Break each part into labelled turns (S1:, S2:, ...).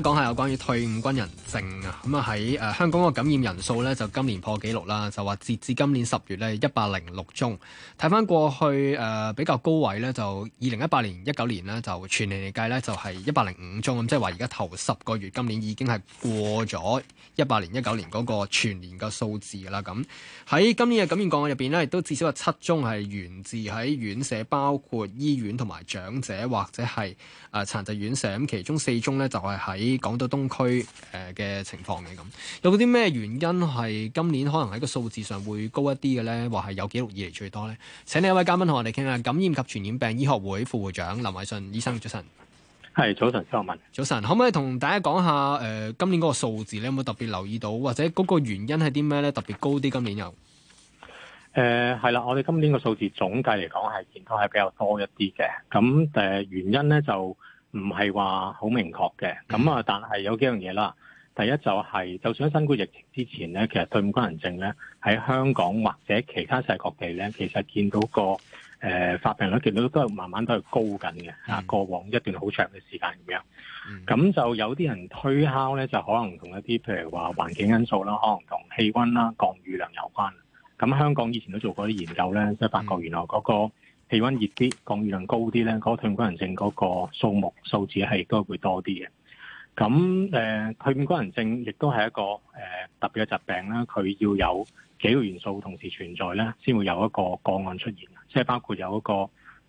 S1: 講下有關於退伍軍人症啊，咁啊喺誒香港個感染人數呢，就今年破紀錄啦，就話截至今年十月呢，一百零六宗。睇返過去誒、呃、比較高位呢，就二零一八年一九年呢，就全年嚟計呢，就係一百零五宗，咁即係話而家頭十個月今年已經係過咗一八年一九年嗰個全年嘅數字啦。咁喺今年嘅感染個案入邊呢，亦都至少有七宗係源自喺院舍，包括醫院同埋長者或者係誒殘疾院舍。咁其中四宗呢，就係喺。講到東區誒嘅情況嘅咁，有啲咩原因係今年可能喺個數字上會高一啲嘅咧，或係有紀錄以嚟最多咧？請你一位嘉賓同我哋傾下，感染及傳染病醫學會副會長林緯遜醫生早晨。
S2: 係早晨，周
S1: 文早晨，可唔可以同大家講下誒、呃、今年嗰個數字咧有冇特別留意到，或者嗰個原因係啲咩咧特別高啲？今年又
S2: 誒係啦，我哋今年個數字總計嚟講係健康係比較多一啲嘅，咁誒、呃、原因咧就。唔係話好明確嘅，咁啊、嗯，但係有幾樣嘢啦。第一就係、是，就算新冠疫情之前咧，其實退伍軍人症咧，喺香港或者其他世界各地咧，其實見到個誒、呃、發病率其實都係慢慢都係高緊嘅。嗯、啊，過往一段好長嘅時間咁樣，咁、嗯、就有啲人推敲咧，就可能同一啲譬如話環境因素啦，嗯、可能同氣温啦、降雨量有關。咁香港以前都做過啲研究咧，即係發覺原來嗰個。氣温熱啲，降雨量高啲咧，嗰、那個退伍軍人症嗰個數目數字係都會多啲嘅。咁誒，退伍軍人症亦都係一個誒、呃、特別嘅疾病啦。佢要有幾個元素同時存在咧，先會有一個個案出現。即、就、係、是、包括有一個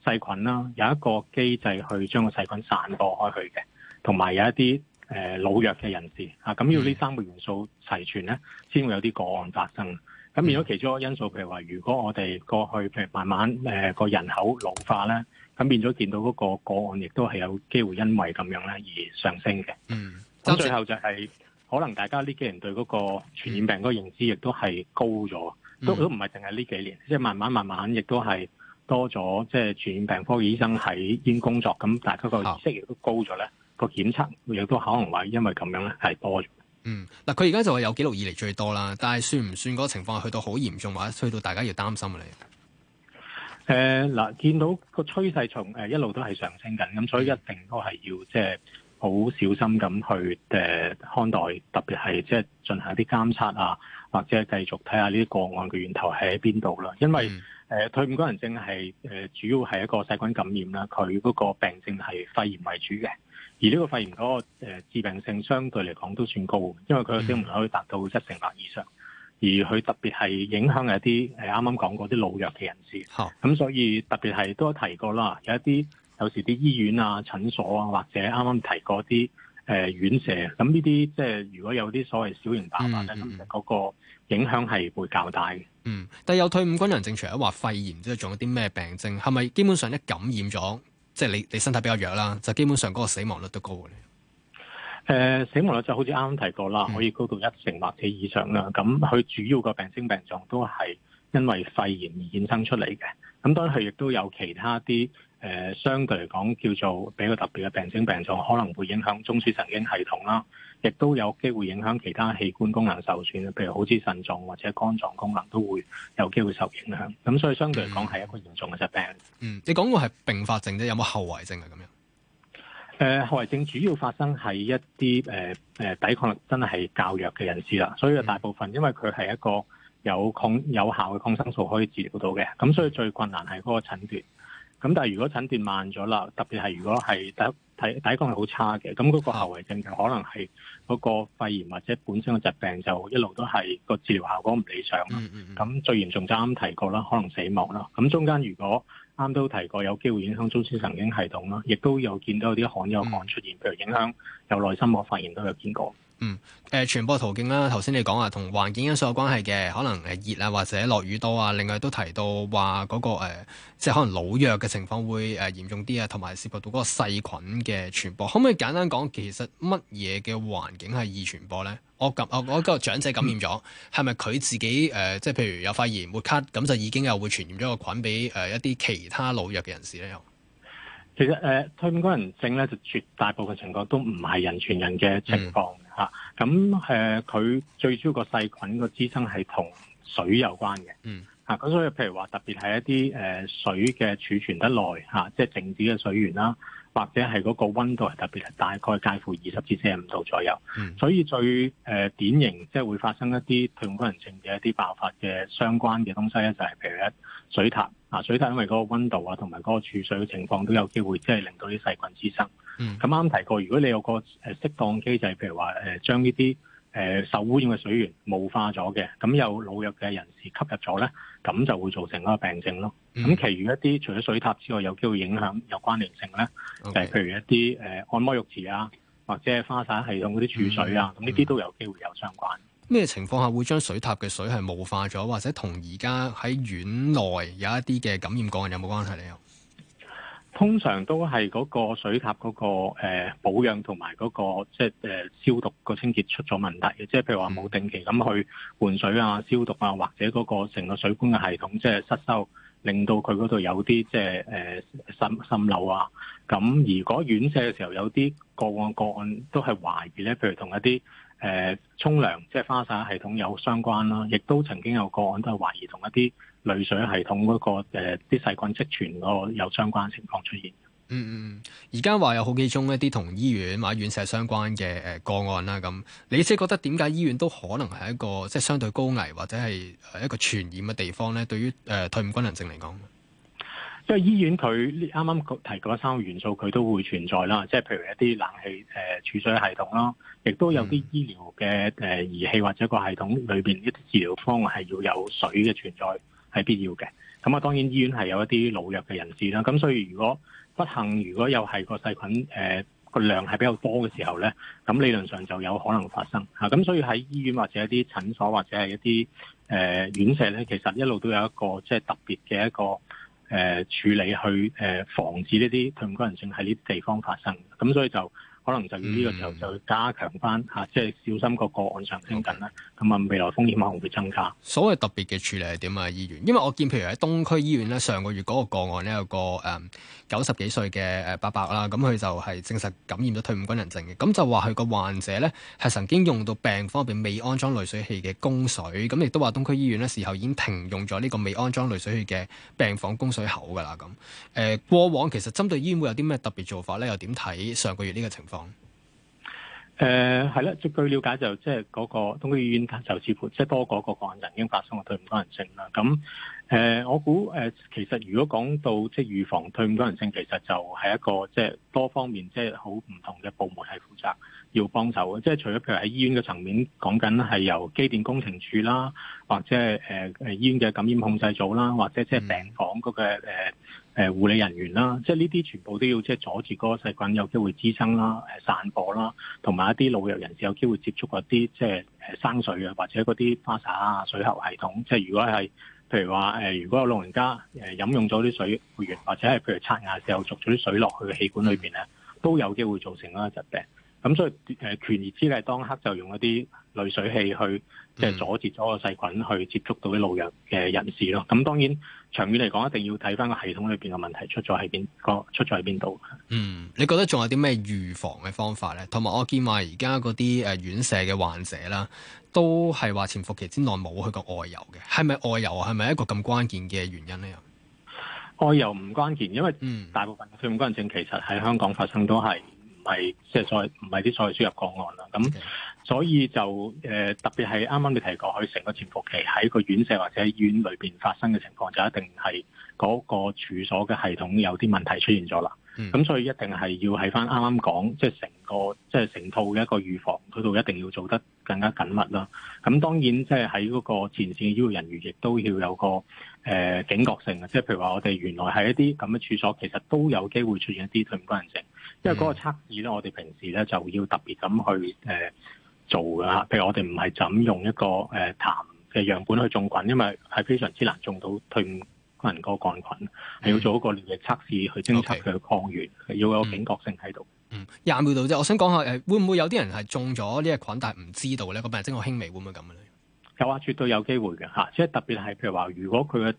S2: 細菌啦，有一個機制去將個細菌散播開去嘅，同埋有一啲誒、呃、老弱嘅人士啊。咁要呢三個元素齊全咧，先會有啲個案發生。咁變咗其中一個因素，譬如話，如果我哋過去譬如慢慢誒個、呃、人口老化咧，咁變咗見到嗰個個案，亦都係有機會因為咁樣咧而上升嘅。嗯，咁最後就係、是、可能大家呢幾年對嗰個傳染病嗰個認知亦、嗯、都係高咗，都都唔係淨係呢幾年，即係慢慢慢慢亦都係多咗，即、就、係、是、傳染病科醫生喺醫院工作，咁大家個意識亦都高咗咧，個、嗯、檢測亦都可能話
S1: 因為咁樣咧係多咗。嗯，嗱，佢而家就係有紀錄以嚟最多啦，但係算唔算嗰個情況係去到好嚴重或者去到大家要擔心啊？你？
S2: 誒、呃，嗱，見到個趨勢從誒一路都係上升緊，咁所以一定都係要即係好小心咁去誒、呃、看待，特別係即係進行一啲監測啊，或者係繼續睇下呢啲個案嘅源頭喺邊度啦。因為誒、嗯呃，退伍軍人症係誒主要係一個細菌感染啦，佢嗰個病症係肺炎為主嘅。而呢個肺炎嗰個、呃、致病性相對嚟講都算高，因為佢嘅死亡率可以達到一成或以上，而佢特別係影響一啲係啱啱講過啲老弱嘅人士。好咁哈，所以特別係都有提過啦，有一啲有時啲醫院啊、診所啊，或者啱啱提過啲誒、呃、院舍，
S1: 咁呢啲即係如果有啲所謂小型爆發咧，咁、嗯嗯、其實嗰個影響係會較大嘅。嗯，但有退伍軍人症除咗話肺炎，即係仲有啲咩病徵？係咪基本上一感染咗？即係你你身體比較弱啦，就基本上嗰個死亡率都高嘅。誒、呃，
S2: 死亡率就好似啱啱提過啦，可以高到一成或者以上啦。咁佢、嗯、主要個病徵病狀都係，因為肺炎而衍生出嚟嘅，咁當然佢亦都有其他啲誒、呃，相對嚟講叫做比較特別嘅病徵病狀，可能會影響中樞神經系統啦，亦都有機會影響其他器官功能受損，譬如好似腎臟或者肝臟功能都會有機會受影響。咁所以相對嚟講係一個嚴重嘅疾病。嗯，你講個係併發症啫，有冇後遺症啊？咁樣？誒，後遺症主要發生喺一啲誒誒抵抗力真係較弱嘅人士啦，所以大部分因為佢係一個。有抗有效嘅抗生素可以治療到嘅，咁所以最困難係嗰個診斷。咁但係如果診斷慢咗啦，特別係如果係第第第一抵抗係好差嘅，咁嗰個後遺症就可能係嗰個肺炎或者本身嘅疾病就一路都係個治療效果唔理想。咁最嚴重就啱提過啦，可能死亡啦。咁中間如果啱都提過，有機會影
S1: 響中樞神經系統啦，亦都有見到有啲罕有個案出現，譬如影響有內心膜發炎都有見過。嗯，誒、呃、傳播途徑啦，頭先你講話同環境因素有關係嘅，可能誒熱啊或者落雨多啊，另外都提到話嗰、嗰個、呃、即係可能老弱嘅情況會誒嚴重啲啊，同埋涉及到嗰個細菌嘅傳播，可唔可以簡單講其實乜嘢嘅環境係易傳播咧？我我嗰個長者感染咗，係咪佢自己誒、呃、即係譬如有肺炎、會咳，咁就已經又會傳染咗個菌俾誒、呃、一啲其他老弱嘅人士咧？又。其實誒，退伍軍人症咧，就絕大部分情況都唔係人傳人嘅
S2: 情況吓。咁誒、mm. 啊，佢、呃、最主要個細菌個滋生係同水有關嘅。嗯。吓咁，所以譬如話，特別係一啲誒水嘅儲存得耐吓、啊，即係靜止嘅水源啦。啊或者係嗰個溫度係特別係大概介乎二十至四十五度左右，mm. 所以最誒、呃、典型即係、就是、會發生一啲退伍軍人症嘅一啲爆發嘅相關嘅東西咧，就係、是、譬如一水塔啊，水塔因為嗰個溫度啊同埋嗰個儲水嘅情況都有機會即係令到啲細菌滋生。咁啱、mm. 提過，如果你有個誒適當機制，譬如話誒、呃、將呢啲。誒，受污染嘅水源霧化咗嘅，咁有老弱嘅人士吸入咗咧，咁就會造成一個病症咯。咁、嗯、其餘一啲除咗水塔之外，有機會影響有關聯性咧，誒，Okay. 譬如一啲誒按摩浴池啊，或者係花灑系統嗰啲儲水啊，咁呢啲都有機會有相關。
S1: 咩情況下會將水塔嘅水係霧化咗，或者同而家喺院內有一啲嘅感染個案有冇關係咧？
S2: 通常都係嗰個水塔嗰、嗰個、呃、保養同埋嗰個即係誒、呃、消毒個清潔出咗問題嘅，即係譬如話冇定期咁去換水啊、消毒啊，或者嗰個成個水管嘅系統即係失修，令到佢嗰度有啲即係誒滲滲漏啊。咁如果院舍嘅時候有啲個案個案都係懷疑咧，譬如同一啲誒沖涼即係花灑系統有相關啦、啊，亦都曾經有個案都係懷疑同一啲。濾水系統嗰個誒啲細菌積存嗰個有相關情況出現。嗯
S1: 嗯嗯，而家話有好幾宗咧，啲同醫院或院舍相關嘅誒個案啦。咁，你即係覺得點解醫院都可能係一個即係相對高危或者係一個傳染嘅地方咧？對於誒、呃、退伍軍人症嚟講，因為醫院佢啱
S2: 啱提嗰三個元素，佢都會存在啦。即係譬如一啲冷氣誒儲水系統啦，亦都有啲醫療嘅誒儀器或者個系統裏邊一啲治療方案係要有水嘅存在。係必要嘅，咁啊，當然醫院係有一啲老弱嘅人士啦，咁所以如果不幸，如果又係個細菌，誒、呃、個量係比較多嘅時候呢，咁理論上就有可能發生嚇。咁、啊、所以喺醫院或者一啲診所或者係一啲誒、呃、院舍呢，其實一路都有一個即係、就是、特別嘅一個誒、呃、處理去誒防止呢啲退伍軍人症喺呢啲地方發生，咁所以就。可能就要呢個時
S1: 候就加強翻吓，即係小心個個案上升緊啦。咁啊，未來風險可能會增加。所謂特別嘅處理係點啊？醫院，因為我見譬如喺東區醫院咧，上個月嗰個個案咧有個誒九十幾歲嘅誒伯伯啦，咁佢就係證實感染咗退伍軍人症嘅。咁就話佢個患者咧係曾經用到病房入便未安裝濾水器嘅供水，咁亦都話東區醫院咧事後已經停用咗呢個未安裝濾水器嘅病房供水口噶啦。咁誒、呃、過往其實針對醫院會有啲咩特別做法咧？又點睇上個月呢個情況？誒，係啦，嗯，據據了解就即係嗰個東區醫院就似乎即係多過個港人已經發生個退
S2: 伍軍人症啦。咁誒，我估誒，其實如果講到即係預防退伍軍人症，其實就係一個即係多方面，即係好唔同嘅部門係負責要幫手嘅。即係除咗譬如喺醫院嘅層面講緊係由機電工程處啦，或者係誒誒醫院嘅感染控制組啦，或者即係病房嗰個誒。誒護理人員啦，即係呢啲全部都要即係阻住嗰個細菌有機會滋生啦、誒散播啦，同埋一啲老弱人士有機會接觸嗰啲即係誒生水啊，或者嗰啲花灑啊、水喉系統，即係如果係譬如話誒，如果有老人家誒飲用咗啲水源，或者係譬如刷牙之後濁咗啲水落去氣管裏面咧，都有機會造成嗰個疾病。咁所以誒，權宜之計當刻就用一啲濾水器去即係阻截咗個細菌去接觸到啲老人嘅人士咯。咁當然長遠嚟講，一定要睇翻個系統裏邊嘅問題出咗喺邊個，
S1: 出咗喺邊度。嗯，你覺得仲有啲咩預防嘅方法咧？同埋我見話而家嗰啲誒院舍嘅患者啦，都係話潛伏期之內冇去過外遊嘅，係咪外遊啊？係咪一個咁關鍵嘅原因呢？外遊唔關鍵，因為嗯大
S2: 部分嘅退伍軍人症其實喺香港發生都係唔係即係再唔係啲所謂輸入個案啦。咁所以就誒、呃、特別係啱啱你提過，佢成個潛伏期喺個院舍或者院裏邊發生嘅情況，就一定係嗰個處所嘅系統有啲問題出現咗啦。咁、嗯、所以一定係要喺翻啱啱講，即係成個即係成套嘅一個預防，嗰度一定要做得更加緊密啦。咁當然即係喺嗰個前線嘅醫護人員，亦都要有個誒、呃、警覺性啊。即係譬如話，我哋原來係一啲咁嘅處所，其實都有機會出現一啲退伍軍人症，因為嗰個測試咧，嗯、我哋平時咧就要特別咁去誒、呃做嘅，譬如我哋唔係怎用一個誒痰嘅樣本去種菌，因為係非常之難種到退伍軍人個桿菌，係、嗯、要做一個尿液測試去偵測佢嘅抗原，係 Okay, okay. 要有警覺性喺度。嗯，
S1: 廿秒度啫，我想講下誒，會唔會有啲人係種咗呢隻菌，但係唔知道咧，個病徵好輕微會唔會咁咧？
S2: 有話絕對有機會嘅嚇、啊，即係特別係譬如話，如果佢嘅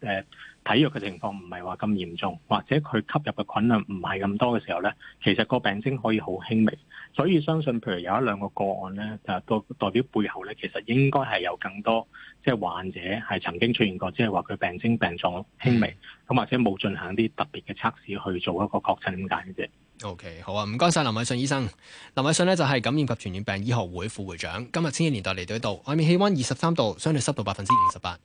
S2: 誒體弱嘅情況唔係話咁嚴重，或者佢吸入嘅菌量唔係咁多嘅時候咧，其實個病徵可以好輕微。所以相信譬如有一兩個個案咧，誒個代表背後咧，其實應該係有更多即係、就是、患者係曾經出現過，即係話佢病徵病狀輕微，咁、嗯、或者冇進行啲特別嘅測試去做一
S1: 個確診咁解嘅啫。OK，好啊，唔該晒林緯遜醫生。林緯遜呢就係感染及傳染病醫學會副會長。今日千禧年代嚟到呢度，外面氣溫二十三度，相對濕度百分之五十八。